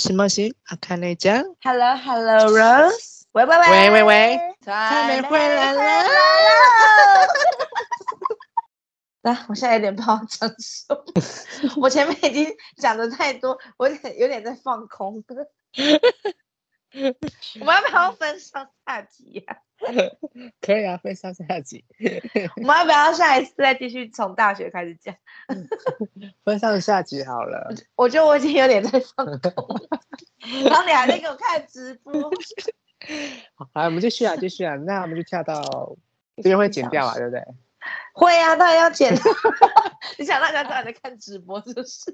什麼西？阿卡內加？Hello，Hello，Rose。喂喂喂喂喂喂！插玫瑰來了！來，我現在有點不好意思， 我前面已經講的太多，我有點，有點在放空。 我們要不要分上下集呀？可以啊，分上下集。我們要不要下一次再繼續從大學開始講 ？分上下集好了。我覺得我已經有點在放空，然後你還在給我看直播， 好。好，我們繼續啊，繼續啊。那我們就跳到這邊會剪掉啊，對不對？會啊，當然要剪。你 想大家在看直播是不是，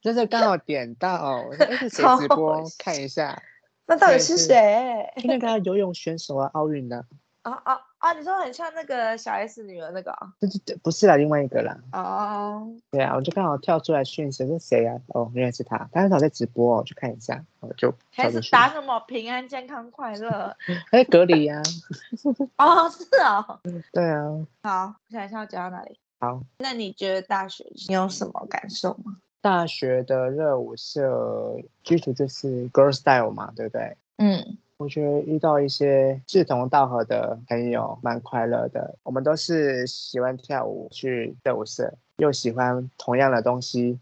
就是剛好點到， 欸，這是誰直播 看一下？那到底是誰？今天看到剛剛游泳選手啊，奧運的。啊啊啊！你說很像那個小 S 女兒那個？對對對，不是啦，另外一個啦。哦。對啊，我就剛好跳出來訊息，是誰啊？哦，原來是她，她很少在直播，哦，我去看一下，我就開始打什麼平安、健康快、快樂。哎，隔離啊！ 哦，是哦，對啊。好，我想一下我要講到哪裡？好，那你覺得大學你有什麼感受嗎？大學的熱舞社基礎就是 girls style 嘛，對不對？嗯，我覺得遇到一些志同道合的朋友，蠻快樂的。我們都是喜歡跳舞去熱舞社，又喜歡同樣的東西，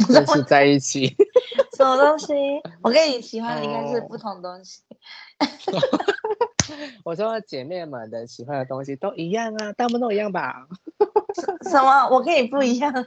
就 是在一起。什麼， 什麼東西？我跟你喜歡的應該是不同東西。 我說姐妹們的喜歡的東西都一樣啊，大部分都一樣吧？ 什麼？我跟你不一樣。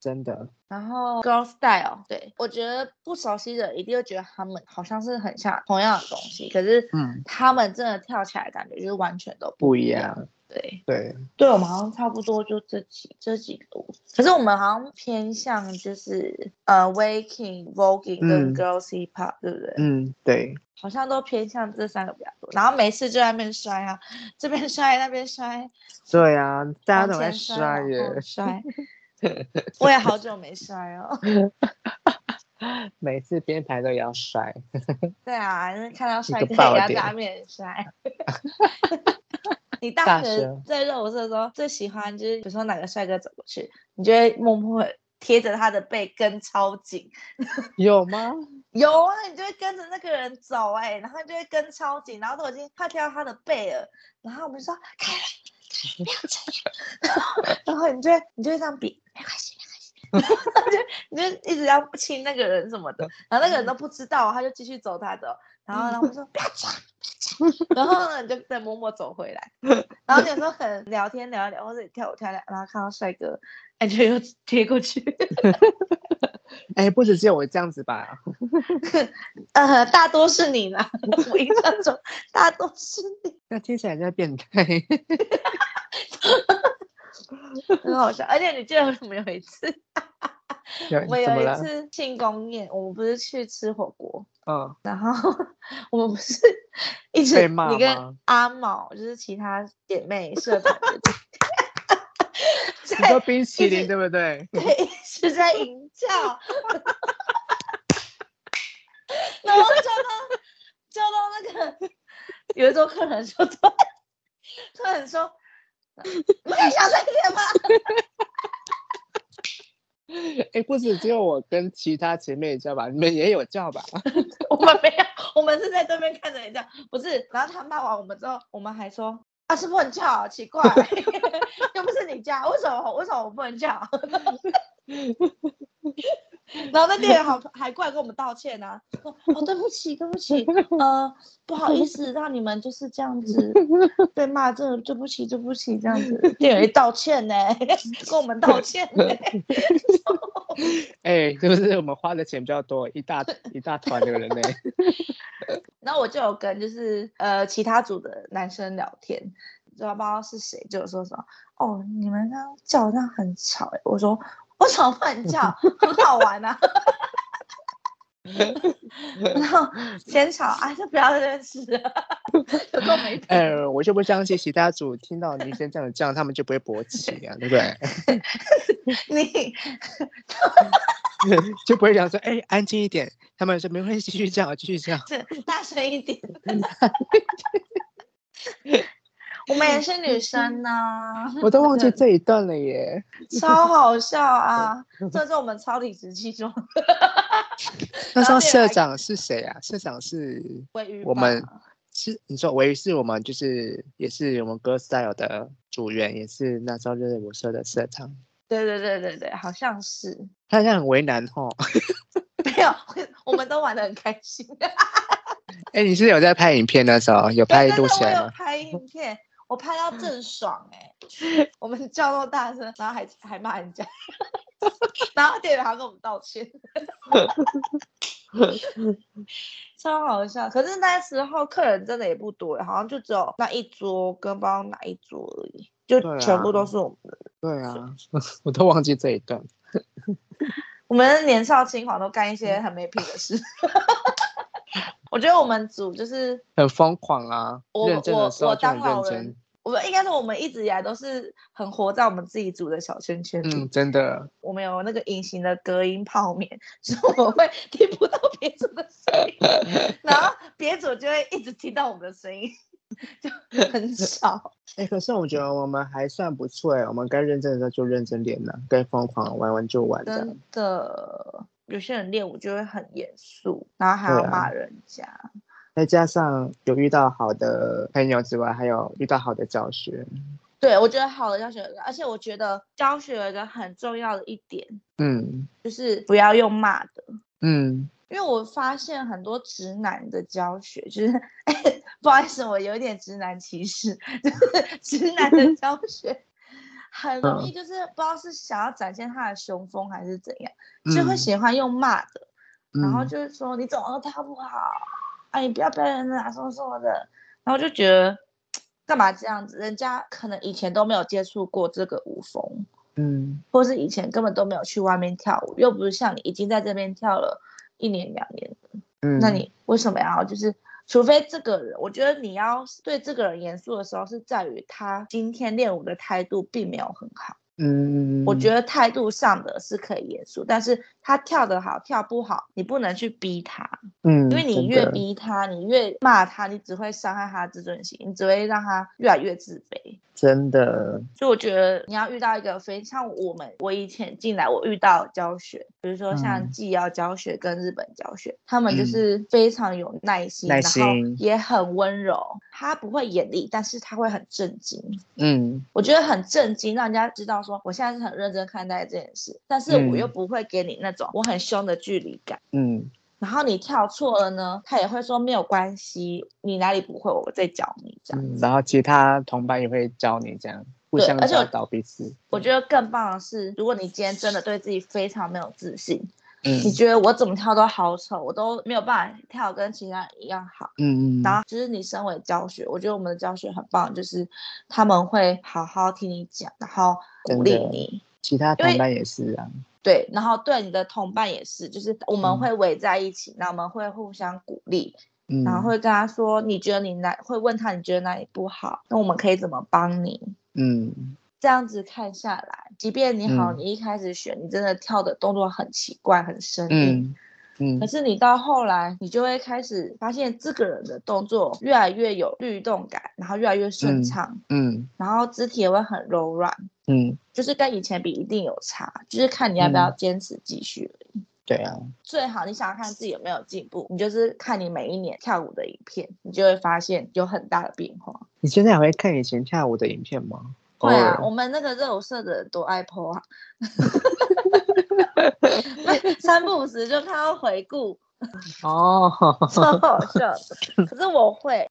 真的，然後 girl style 對，我覺得不熟悉的一定會覺得他們好像是很像同樣的東西，可是，嗯，他們真的跳起來感覺就是完全都不一樣。嗯、對對對，對，我們好像差不多就這幾這幾個，可是我們好像偏向就是呃 waking voguing 跟 girl hip hop、嗯、對不對？嗯，對，好像都偏向這三個比較多。然後每次就在那邊摔啊，這邊摔那邊摔。對啊，大家都在摔耶摔。 我也好久沒摔哦。 每次編排都要摔。 對啊，就是、看到帥哥就要當面摔。 你大學在熱舞社的時候，最喜歡就是比如說哪個帥哥走過去，你就會默默貼着他的背跟超緊。 有嗎？有啊，你就會跟着那個人走哎、欸，然後就會跟超緊，然後都已經快貼到他的背了，然後我們就說開啦，不要這樣， 然後你就會你就會這樣比。沒關係，沒關係，就 你就一直要親那個人什麼的，然後那個人都不知道， 他就繼續走他的，然後然後我說不要抓，不要抓，然後呢，你就再默默走回來，然後就有時候很聊天聊一聊，或者跳舞跳一跳，然後看到帥哥，哎，就又貼過去。 哎，不止只有我這樣子吧？ 呃，大多是你啦，我印象中 大多是你，那聽起來有點變態。 很好笑，， 而且你記得沒有一次？我有一次慶功宴，我們不是去吃火鍋，嗯，然後我們不是一直你跟阿毛，就是其他姐妹社團在做冰淇淋，對不對？對，一直在淫叫。然後叫到叫到那個有一桌客人說，突然說。 你們可以小聲一點嗎？哎，不是，只有我跟其他前面也叫吧，你們也有叫吧？ 我們沒有，我們是在對面看着你叫。不是，然後他罵完我們之後，我們還說他、啊、是不是很吵、啊？奇怪、欸， 又不是你叫，為什麼？為什麼我不能叫、啊？ 然後那店員好 還過來跟我們道歉吶、啊，說哦對不起對不起，呃不好意思，讓你們就是這樣子被罵，真的對不起對不起，對不起這樣子，店員道歉呢，跟我們道歉呢，哎、 欸、就是我們花的錢比較多，一大一大團的人呢？ 然後我就有跟就是呃其他組的男生聊天，不知道不知道是誰就有說什麼哦你們這樣叫這樣很吵哎、欸，我說。我吵不很叫，很好玩呢、啊。 然後嫌吵、啊，還是不要認識了，就都沒。呃，我就不相信其他組聽到女生這樣叫，他們就不會勃起啊，對不對？你 就不會講說，哎、欸，安靜一點。他們說沒關係，繼續叫，繼續叫，大聲一點。 我們也是女生吶、啊嗯嗯，我都忘記這一段了耶，超好笑啊！這時候我們超理直氣壯。 那時候社長是誰啊？社長是，我們、啊、是你說，我一是我們就是也是我們 girls style 的組員，也是那時候就是我社的社長。對對對對對，好像是。他好像很為難吼、哦。 沒有，我們都玩得很開心。哎、 欸，你是，是有在拍影片的時候有拍錄起來嗎？對對對，我有拍影片。我拍到鄭爽哎、欸，嗯、 我們叫到大聲，然後還還罵人家， 然後店員還跟我們道歉， 超好笑。可是那時候客人真的也不多、欸，好像就只有那一桌跟不知道哪一桌而已，就全部都是我們的。對啊，對啊，我都忘記這一段。 我們年少輕狂，都幹一些很沒品的事。嗯 我覺得我們組就是很瘋狂啊！我我我當老人，我們應該說我們一直以來都是很活在我們自己組的小圈圈。嗯，真的。我們有那個隱形的隔音泡棉，所、就、以、是、我會聽不到別組的聲音， 然後別組就會一直聽到我們的聲音，就很少。哎、欸，可是我覺得我們還算不錯哎、欸，我們該認真的時候就認真點了，該瘋狂玩玩就玩。真的。有些人練舞就會很嚴肅，然後還要罵人家、啊。再加上有遇到好的朋友之外，還有遇到好的教學。對，我覺得好的教學，而且我覺得教學有一個很重要的一點，嗯，就是不要用罵的，嗯，因為我發現很多直男的教學，就是、哎、不好意思，我有點直男歧視，就 是直男的教學。 很容易就是不知道是想要展現他的雄風還是怎樣，嗯，就會喜歡用罵的，嗯，然後就是說你怎麼都跳不好，哎、啊，你不要別人那什麼什麼的，然後就覺得幹嘛這樣子？人家可能以前都沒有接觸過這個舞風，嗯，或是以前根本都沒有去外面跳舞，又不是像你已經在這邊跳了一年兩年的，嗯，那你為什麼要就是？除非這個人，我覺得你要對這個人嚴肅的時候，是在於他今天練舞的態度並沒有很好。嗯，我覺得態度上的是可以嚴肅，但是他跳得好跳不好，你不能去逼他。嗯，因為你越逼他，嗯、你越罵他，你越罵他，你只會傷害他的自尊心，你只會讓他越來越自卑。真的，所以我覺得你要遇到一個非常像我們我以前進來，我遇到教學，比如說像紀要教學跟日本教學、嗯，他們就是非常有耐心，嗯、然後也很溫柔，他不會嚴厲，但是他會很震驚。嗯，我覺得很震驚，讓人家知道說我現在是很認真看待這件事，但是我又不會給你那種我很凶的距離感。嗯。嗯然後你跳錯了呢，他也會說沒有關係，你哪裡不會，我再教你這樣，嗯。然後其他同伴也會教你這樣，互相教導彼此。我覺得更棒的是，如果你今天真的對自己非常沒有自信，嗯，你覺得我怎麼跳都好醜，我都沒有辦法跳跟其他人一樣好。嗯嗯。然後就是你身為教學，我覺得我們的教學很棒，就是他們會好好聽你講，然後鼓勵你。其他同伴也是啊，對，然後對你的同伴也是，就是我們會圍在一起，嗯、然後我們會互相鼓勵、嗯，然後會跟他說，你覺得你哪會問他你覺得哪裡不好，那我們可以怎麼幫你？嗯，這樣子看下來，即便你好，你一開始學、嗯，你真的跳的動作很奇怪，很生硬。嗯可是你到後來，你就會開始發現這個人的動作越來越有律動感，然後越來越順暢，嗯，嗯，然後肢體也會很柔軟，嗯，就是跟以前比一定有差，就是看你要不要堅持繼續而已，嗯。對啊，最好你想要看自己有沒有進步，你就是看你每一年跳舞的影片，你就會發現有很大的變化。你現在還會看以前跳舞的影片嗎？會啊，oh. 我們那個熱舞社的都愛 po 啊。 三不五時就看到回顧哦，超好笑。可是我會，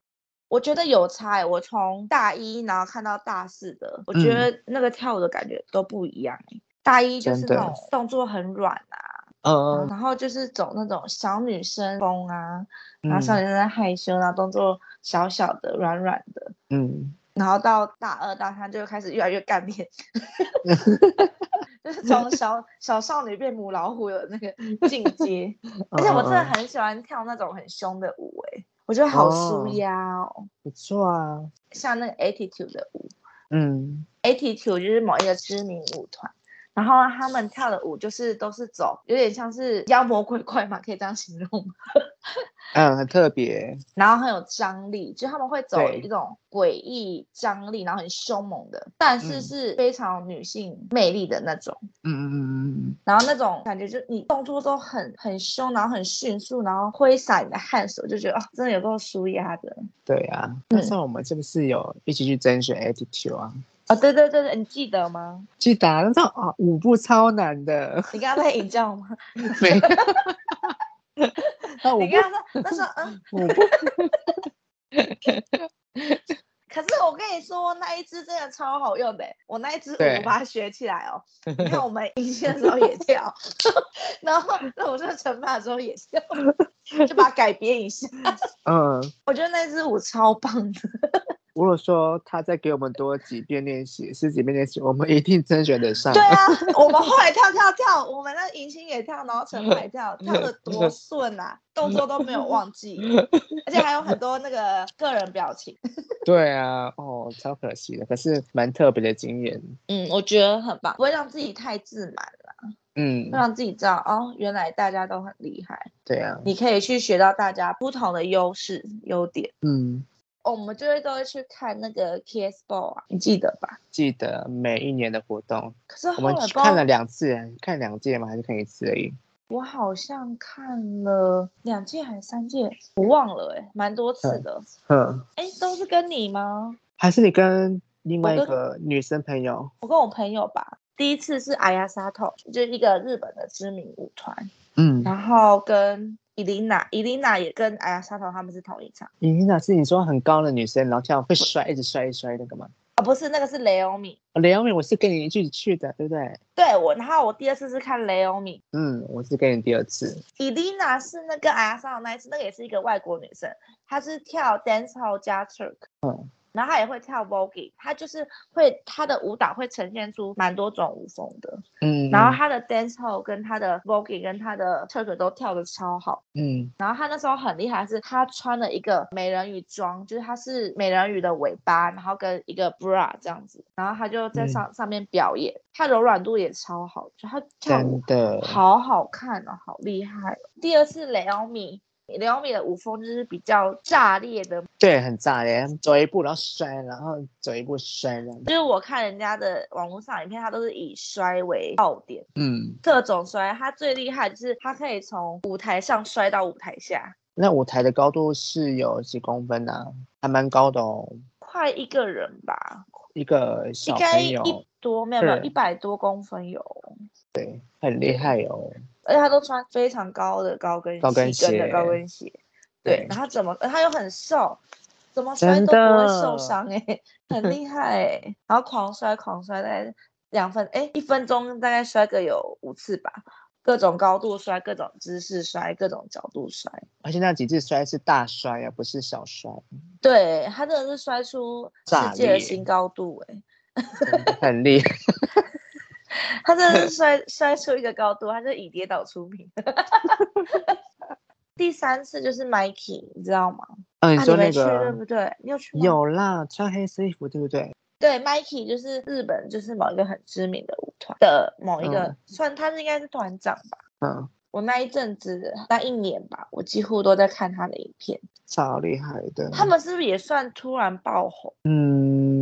我覺得有差、欸、我從大一然後看到大四的，我覺得那個跳舞的感覺都不一樣、欸、大一就是那種動作很軟啊，然後就是走那種小女生風啊，然後小女生害羞，啊，然後動作小小的、軟軟的，嗯。然後到大二、大三就開始越來越幹練。 就是從從小 小少女變母老虎的那個進階，而且我真的很喜歡跳那種很凶的舞誒、欸，我覺得好舒壓哦，不錯啊，像那個 Attitude 的舞，嗯、um.，Attitude 就是某一個知名舞團。然後、啊、他們跳的舞就是都是走，有點像是妖魔鬼怪嘛，可以這樣形容。 嗯，很特別，然後很有張力，就他們會走一種詭異張力，然後很凶猛的，但是是非常女性魅力的那種。嗯嗯嗯嗯。然後那種感覺就你動作都很很凶，然後很迅速，然後揮灑你的汗水，就覺得、哦、真的有夠舒壓的。對啊。嗯、那像我們是不是有一起去甄選 attitude 啊？啊、oh，對對對對，你記得嗎？記得、啊，那時候啊，舞步超難的。你剛剛在迎新教嗎？ 沒。那 你剛剛說，他說嗯。舞步 可是我跟你說，那一支真的超好用的。我那一支舞把它學起來哦。你看我們迎新的時候也跳， 然後那我上成發的時候也跳，就把它改編一下。 嗯。我覺得那支舞超棒的。 如果說他再給我們多幾遍練習， 十幾遍練習，我們一定甄選得上。對啊，我們後來跳跳跳， 跳我們的銀星也跳，然後成排跳，跳得多順啊，動 作都，都沒有忘記， 而且還有很多那個個人表情。 對啊，哦，超可惜的，可是蠻特別的經驗。嗯，我覺得很棒，不會讓自己太自滿了。嗯，會讓自己知道哦，原來大家都很厲害。對啊，你可以去學到大家不同的優勢、優點。嗯。我們就會都會去看那個 K S Ball 啊，你記得吧？記得每一年的活動。可是後來我們看了兩次，看兩屆嗎？還是看一次而已。我好像看了兩屆還是三屆，我忘了哎、欸，蠻多次的。嗯。哎，都是跟你嗎？還是你跟另外一個女生朋友？我跟，我，跟我朋友吧。第一次是 Ayasato，就是一個日本的知名舞團。嗯。然後跟。伊琳娜，伊琳娜也跟哎呀莎頭她們是同一場。伊琳娜是你說很高的女生，然後跳會摔，一直摔一摔那個嗎？啊、哦，不是，那個是雷歐米。哦、雷歐米，我是跟你一起去的，對不對？對，我。然後我第二次是看雷歐米。嗯，我是跟你第二次。伊琳娜是那個哎呀莎頭那一次，那個、也是一個外國女生，她是跳 dancehall 加 turk。嗯然後他也會跳 voguing，他就是會他的舞蹈會呈現出蠻多種舞風的，嗯，然後他的 dancehall 跟他的 voguing 跟他的 twerk 都跳得超好，嗯，然後他那時候很厲害是，他穿了一個美人魚裝，就是他是美人魚的尾巴，然後跟一個 bra 這樣子，然後他就在上、嗯、上面表演，他柔軟度也超好，就他跳舞好好看哦，好厲害，哦。第二次雷奧米。Leomi 李米的舞風就是比較炸裂的，對，很炸裂。走一步然後摔，然後走一步摔，就是我看人家的網絡上影片，他都是以摔為爆點，嗯，各種摔。他最厲害就是他可以從舞台上摔到舞台下。那舞台的高度是有幾公分呢、啊？還蠻高的哦，快一個人吧，一個小朋友應該一多沒有沒有一百多公分有，對，很厲害哦。而且他都穿非常高的高跟鞋，高跟鞋，高跟鞋。跟的高跟鞋對，對，然後怎麼，他又很瘦，怎麼摔都不會受傷哎、欸，很厲害、欸。 然後狂摔，狂摔，在兩分，哎、欸，一分鐘大概摔個有五次吧，各種高度摔，各種姿勢摔，各種角度摔。而且那幾次摔是大摔啊，不是小摔。對，他真的是摔出世界的新高度哎、欸，很厲害。 他真的是摔摔 出一個高度，他就以跌倒出名。 第三次就是 Mikey，你知道嗎？他、哦、就那個啊、你沒去，對不對？你有去嗎？有啦，穿黑色衣服，對不對？對，Mikey 就是日本，就是某一個很知名的舞團的某一個、嗯，算他是應該是團長吧。嗯。我那一陣子的那一年吧，我幾乎都在看他的影片，超厲害的。他們是不是也算突然爆紅？嗯。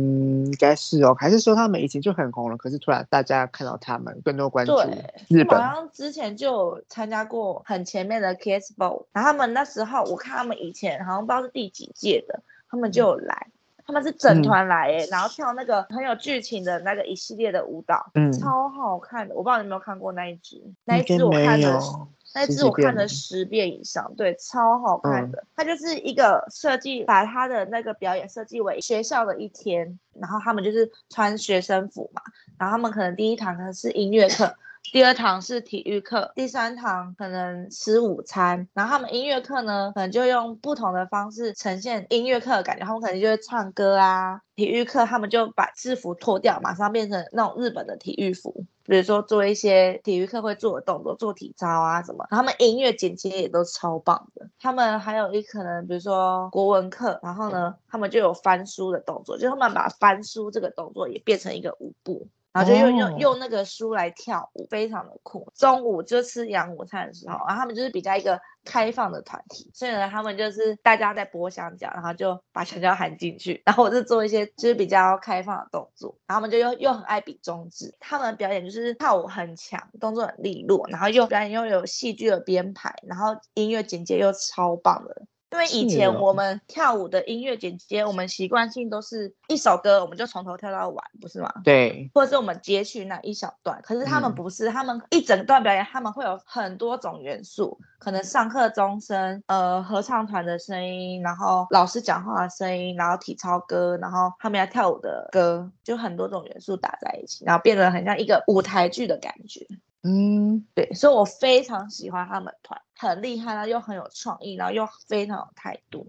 應該是哦，還是說他們以前就很紅了？可是突然大家看到他們更多關注日本，好像之前就有參加過很前面的 k s Ball，然後他們那時候我看他們以前好像不知道是第幾屆的，他們就有來，嗯、他們是整團來、欸嗯、然後跳那個很有劇情的那個一系列的舞蹈，嗯，超好看的，我不知道你有沒有看過那一支，那一支我看了。那次我看了十遍以上遍，對，超好看的。它、嗯、就是一個設計，把他的那個表演設計為學校的一天，然後他們就是穿學生服嘛，然後他們可能第一堂課是音樂課。 第二堂是體育課，第三堂可能吃午餐。然後他們音樂課呢，可能就用不同的方式呈現音樂課的感覺。他們可能就會唱歌啊，體育課他們就把制服脫掉，馬上變成那種日本的體育服，比如說做一些體育課會做的動作，做體操啊什麼。然後他們音樂剪輯也都超棒的。他們還有一可能，比如說國文課，然後呢，他們就有翻書的動作，就他們把翻書這個動作也變成一個舞步。然後就用、哦，用用那個書來跳舞，非常的酷。中午就吃洋午餐的時候，然後他們就是比較一個開放的團體，所以呢，他們就是大家在剝香蕉，然後就把香蕉喊進去，然後我就做一些就是比較開放的動作。然後他們就又又很愛比中指。他們表演就是跳舞很強，動作很利落，然後又表演又有戲劇的編排，然後音樂剪接又超棒的。因為以前我們跳舞的音樂剪接，我們習慣性都是一首歌，我們就從頭跳到完，不是嗎？對。或者是我們截取那一小段，可是他們不是、嗯，他們一整段表演，他們會有很多種元素，可能上課鐘聲，呃，合唱團的聲音，然後老師講話的聲音，然後體操歌，然後他們要跳舞的歌，就很多種元素打在一起，然後變得很像一個舞台劇的感覺。嗯，對，所以我非常喜歡他們團，很厲害啊，又很有創意，然後又非常有態度。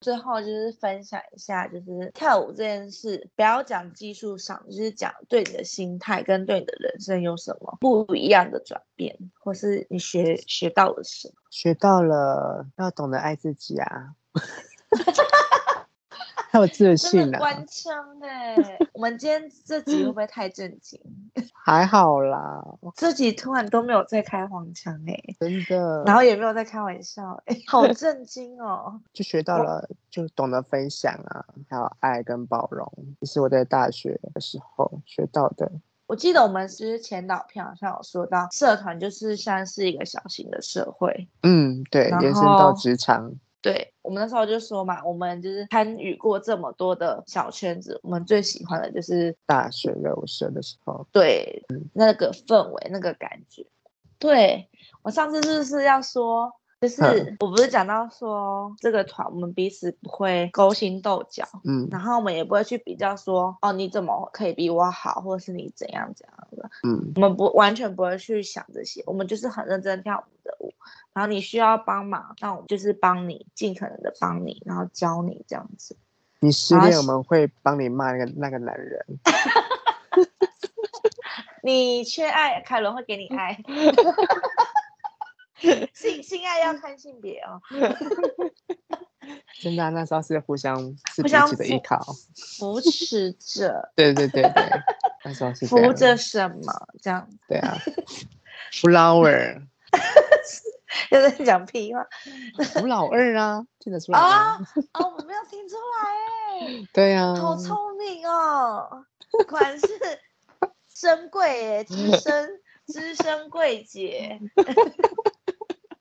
最後就是分享一下，就是跳舞這件事，不要講技術上，就是講對你的心態跟對你的人生有什麼不一樣的轉變，或是你學學到了什麼？學到了要懂得愛自己啊。 有自信呢、啊，關槍哎， 我們今天這集會不會太正經？ 還好啦，我這集突然都沒有在開黃腔哎、欸，真的，然後也沒有在開玩笑哎、欸， 好正經哦！就學到了，就懂得分享啊，還有愛跟包容，這是我在大學的時候學到的。我記得我們是前導片，好像有說到社團就是像是一個小型的社會。嗯，對，延伸到職場。對，我們那時候就說嘛，我們就是參與過這麼多的小圈子，我們最喜歡的就是大學熱舞社的時候，對、嗯，那個氛圍，那個感覺。對，我上次是不是要說？就是我不是講到說這個團，我們彼此不會勾心鬥角，嗯，然後我們也不會去比較說，哦，你怎麼可以比我好，或者是你怎樣怎樣的，嗯，我們不完全不會去想這些，我們就是很認真跳舞的舞，然後你需要幫忙，那我們就是幫你，盡可能的幫你，然後教你這樣子。你失戀，我們會幫你罵那個那個男人。 你缺愛，凱倫會給你愛。 性性愛要看性別哦， 真的，啊，那時候是互相互相的依靠，互扶持着， 對對對對，那時候是扶着什麼這樣？對啊，扶老二，有 在講屁話，扶 老二啊，聽得出來啊啊， 哦哦，我沒有聽出來哎， 對呀，啊，好聰明哦，款式尊貴哎，只 深只 深貴貴姐。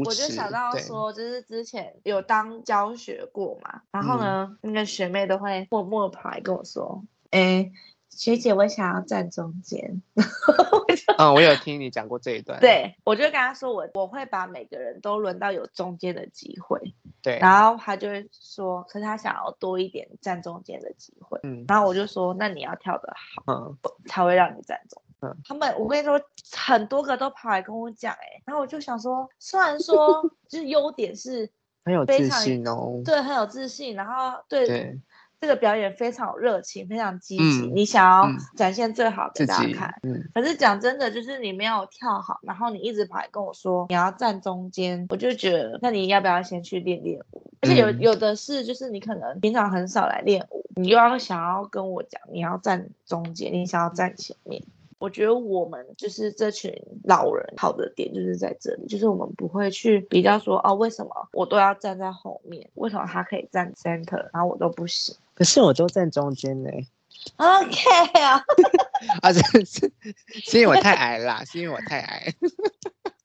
我就想到說，就是之前有當教學過嘛，然後呢，那、嗯、個學妹都會默默跑來跟我說：“哎，學姐，我想要站中間。 ”嗯，我有聽你講過這一段。對，我就跟他說我，我我會把每個人都輪到有中間的機會。對，然後他就會說，可是他想要多一點站中間的機會。嗯，然後我就說，那你要跳得好，嗯，才會讓你站中間。他們，我跟你說，很多個都跑來跟我講，哎，然後我就想說，雖然說就是優點是非常 很有自信哦，對，很有自信，然後對這個表演非常有熱情，非常積極，你想要、嗯、展現最好的，大家看。嗯、可是講真的，就是你沒有跳好，然後你一直跑來跟我說你要站中間，我就覺得那你要不要先去練練舞？而且有、嗯、有的是，就是你可能平常很少來練舞，你又要想要跟我講你要站中間，你想要站前面。我覺得我們就是這群老人好的點就是在這裡，就是我們不會去比較說，哦，為什麼我都要站在後面，為什麼他可以站 center，然後我都不行。可是我都站中間呢。OK 啊，啊，是是，是，是因為我太矮了啦， 是因為我太矮。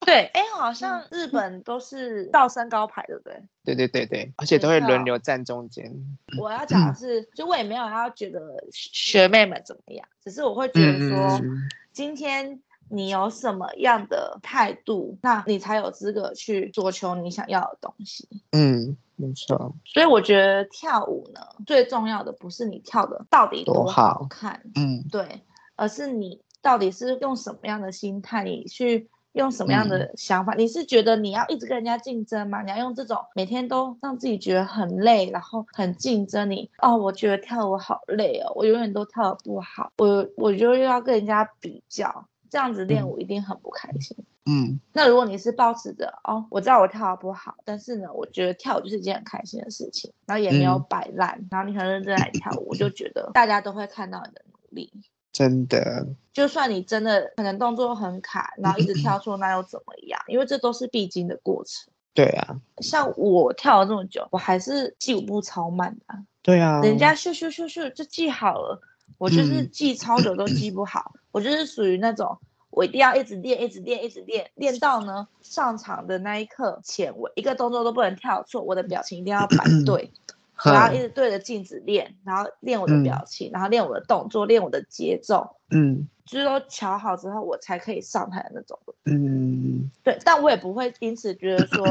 對，哎、欸，好像日本都是倒身高排，對不對？對對對對，而且都會輪流站中間。我要講的是，就我也沒有要覺得學妹們怎麼樣，只是我會覺得說，嗯、今天你有什麼樣的態度、嗯，那你才有資格去追求你想要的東西。嗯。沒錯，所以我覺得跳舞呢，最重要的不是你跳的到底多好看，嗯，對，而是你到底是用什麼樣的心態，你去用什麼樣的想法，嗯、你是覺得你要一直跟人家競爭嗎？你要用這種每天都讓自己覺得很累，然後很競爭你，哦，我覺得跳舞好累哦，我永遠都跳的不好，我我就又要跟人家比較，這樣子練舞一定很不開心。嗯嗯，那如果你是抱持着哦，我知道我跳的不好，但是呢，我覺得跳舞就是一件很開心的事情，然後也沒有擺爛，嗯、然後你很認真來跳舞， 我就覺得大家都會看到你的努力，真的。就算你真的可能動作很卡，然後一直跳錯，那又怎麼樣？ 因為這都是必經的過程。對啊，像我跳了這麼久，我還是記舞步超慢的。對啊，人家咻咻咻咻就記好了，我就是記超久都記不好，嗯， 我就是屬於那種。我一定要一直練，一直練，一直練，練到呢，上場的那一刻前，我一個動作都不能跳錯，我的表情一定要擺對，咳咳，然後一直對着鏡子練，然後練我的表情，嗯、然後練我的動作，練我的節奏，嗯，就是說瞧好之後我才可以上台的那種。嗯，對，但我也不會因此覺得說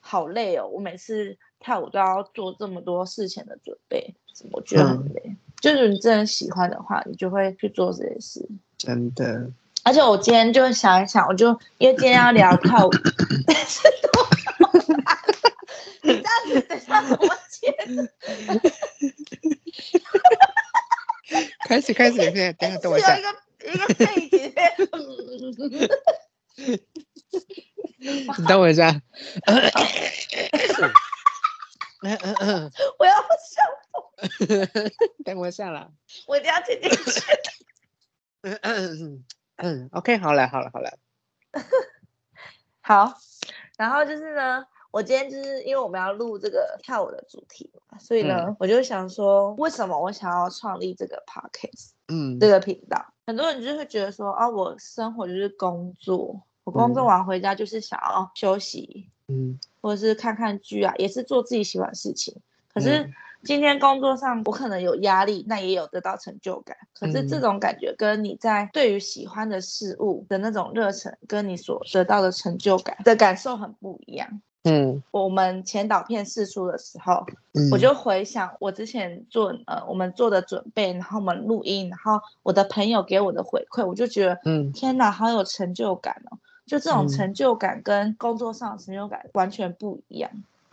好累哦，咳咳，我每次跳舞都要做這麼多事前的準備，我覺得很累。嗯、就是你真的喜歡的話，你就會去做這些事，真的。而且我今天就想一想，我就因為今天要聊靠， 你這樣子等下怎麼接？開始開始，先等我一下。需要一個一個背景 你等我一下。嗯，我嗯。 我要上不。 等我下了。我一定要聽。嗯嗯。嗯，OK，好了，好了，好了， 好。然後就是呢，我今天就是因為我們要錄這個跳舞的主題嘛，所以呢，嗯、我就想說，為什麼我想要創立這個 podcast，嗯，這個頻道？很多人就會覺得說啊，我生活就是工作，我工作完回家就是想要休息，嗯，或者是看看劇啊，也是做自己喜歡的事情，可是，嗯今天工作上我可能有壓力，那也有得到成就感。可是這種感覺跟你在對於喜歡的事物的那種熱忱，跟你所得到的成就感的感受很不一樣。嗯，我們前導片釋出的時候，嗯，我就回想我之前做呃我們做的準備，然後我們錄音，然後我的朋友給我的回饋，我就覺得，嗯，天哪，好有成就感哦！就這種成就感跟工作上的成就感完全不一樣。嗯嗯嗯嗯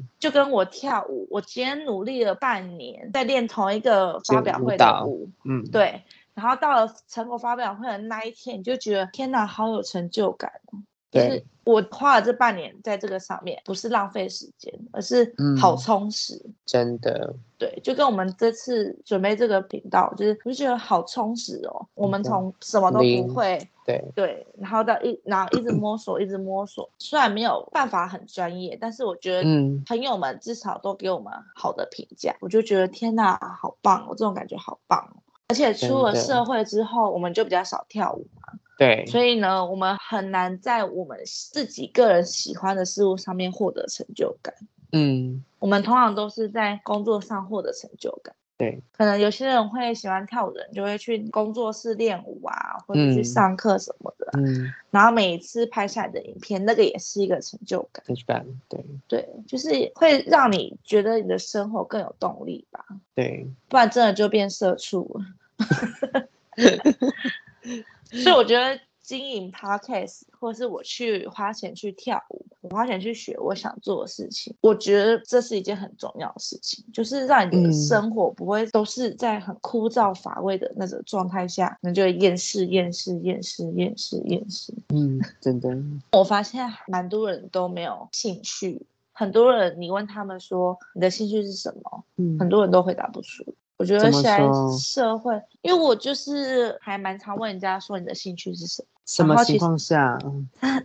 嗯，就跟我跳舞，我今天努力了半年，在練同一個發表會的舞、舞，嗯，對，然後到了成果發表會的那一天，你就覺得天哪，好有成就感哦。就是我花了這半年在這個上面，不是浪費時間，而是好充實，嗯、真的。對，就跟我們這次準備這個頻道，就是我覺得好充實哦。我們從什麼都不會，嗯、對對，然後到一然後一直摸索咳咳，一直摸索，雖然沒有辦法很專業，但是我覺得朋友們至少都給我們好的評價，嗯、我就覺得天哪，好棒、哦！我這種感覺好棒、哦。而且出了社會之後，我們就比較少跳舞嘛。對，所以呢，我們很難在我們自己個人喜歡的事物上面獲得成就感。嗯，我們通常都是在工作上獲得成就感。對，可能有些人會喜歡跳舞的人，就會去工作室練舞啊，或者去上課什麼的、啊。嗯。然後每一次拍下來的影片，那個也是一個成就感。對，對。對，就是會讓你覺得你的生活更有動力吧。對，不然真的就變社畜了。 所以我覺得經營 podcast 或者是我去花錢去跳舞，我花錢去學我想做的事情，我覺得這是一件很重要的事情，就是讓你的生活不會都是在很枯燥乏味的那種狀態下，那就會厭世、厭世、厭世、厭世、厭世。嗯，真的。 我發現蠻多人都沒有興趣，很多人你問他們說你的興趣是什麼，嗯、很多人都回答不出。我覺得現在社會，因為我就是還蠻常問人家說你的興趣是什麼？什麼情況下？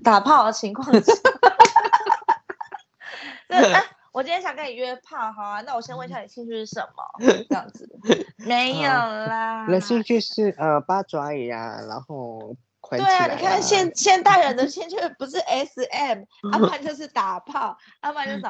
打炮的情況下。 那、啊、我今天想跟你約炮，好啊？那我先問一下你興趣是什麼？ 這樣子沒有啦。那、 呃、興趣是呃八爪魚啊，然後對啊，你看現現代人的興趣不是 S M， 阿不就是打炮，阿不就走，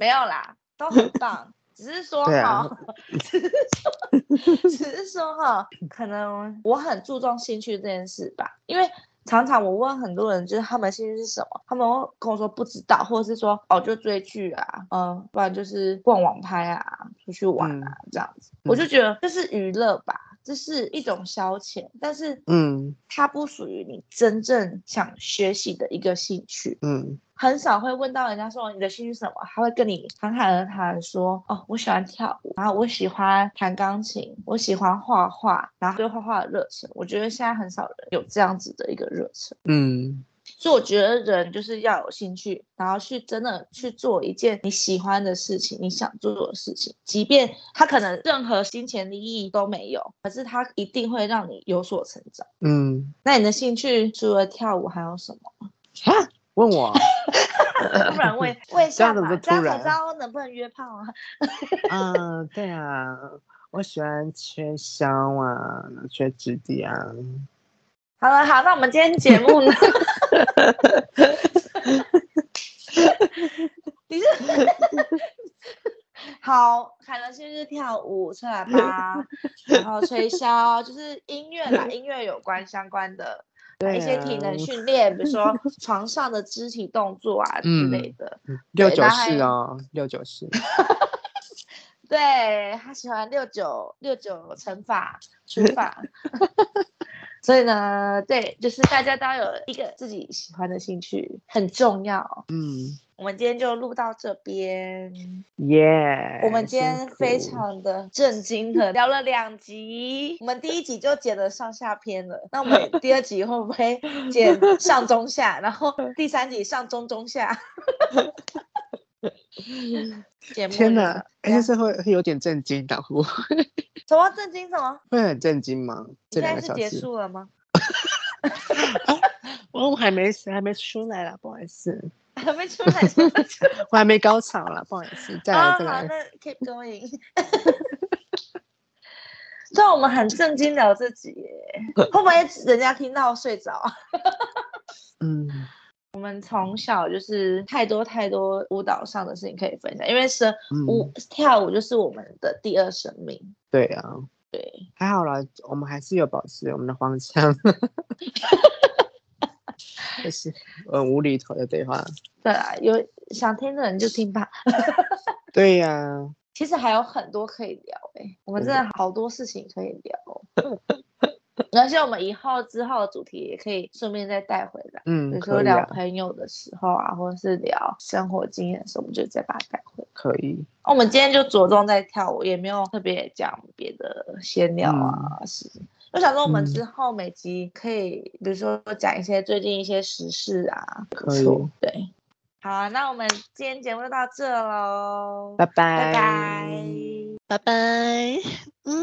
沒有啦，都很棒。 只是說哈，啊、只是說， 只是說哈，可能我很注重興趣這件事吧，因為常常我問很多人，就是他們興趣是什麼，他們會跟我說不知道，或者是說哦就追劇啊，嗯、呃，不然就是逛網拍啊，出去玩啊、嗯、這樣子，我就覺得這是娛樂吧。嗯嗯這是一種消遣，但是嗯，它不屬於你真正想學習的一個興趣，嗯，很少會問到人家說你的興趣是什麼，他會跟你侃侃而談說哦，我喜歡跳舞，然後我喜歡彈鋼琴，我喜歡畫畫，然後對畫畫的熱忱，我覺得現在很少人有這樣子的一個熱忱，嗯。所以我覺得人就是要有興趣，然後去真的去做一件你喜歡的事情，你想做的事情，即便他可能任何金錢的意義都沒有，可是他一定會讓你有所成長。嗯，那你的興趣除了跳舞還有什麼？啊？問我？突 然問？ 問這樣怎麼這麼突然？不知道能不能約炮啊？ 嗯，對啊，我喜歡缺香啊，缺紙地啊。好了，好，那我們今天節目呢？ 你是就 好，海倫先是跳舞、吹喇叭， 然後吹簫，就是音樂啦，音樂有關相關的對、啊，一些體能訓練，比如說床上的肢體動作啊之、嗯、類的。六九式哦，六九式、哦。 對，他喜歡六九六九乘法除法。 所以呢，對，就是大家都有一個自己喜歡的興趣，很重要。嗯，我們今天就錄到這邊。耶！Yeah，我們今天非常的震驚的聊了兩集，我們第一集就剪了上下篇了。 那我們第二集會不會剪上中下？ 然後第三集上中中下？ 天哪，還是會有點震驚打呼。 什麼震驚？什麼？會很震驚嗎？現在是結束了嗎？ 啊、 我還沒死，還沒出來啦，不好意思。還沒出來，我還沒高潮了， 不好意思。再來再來，好好，那 keep going。對， 我們很震驚了自己。耶， 會不會人家聽到睡着？ 嗯。我們從小就是太多太多舞蹈上的事情可以分享，因為是舞、嗯、跳舞就是我們的第二生命。對啊，對，還好啦，我們還是有保持我們的方向。 這是很無厘頭的對話。對啊，有想聽的人就聽吧。 對呀、啊，其實還有很多可以聊誒、欸，我們真的好多事情可以聊。 那 像我們以後之後的主題也可以順便再帶回來，嗯，有時候聊朋友的時候啊，啊，或者是聊生活經驗的時候，我們就再把它帶回來。可以。那我們今天就着重在跳舞，也沒有特別講別的閒聊啊事情，嗯。我想說，我們之後每集可以、嗯，比如說講一些最近一些時事啊，可以。對。好，那我們今天節目就到這嘍，拜拜，拜拜，拜拜，嗯。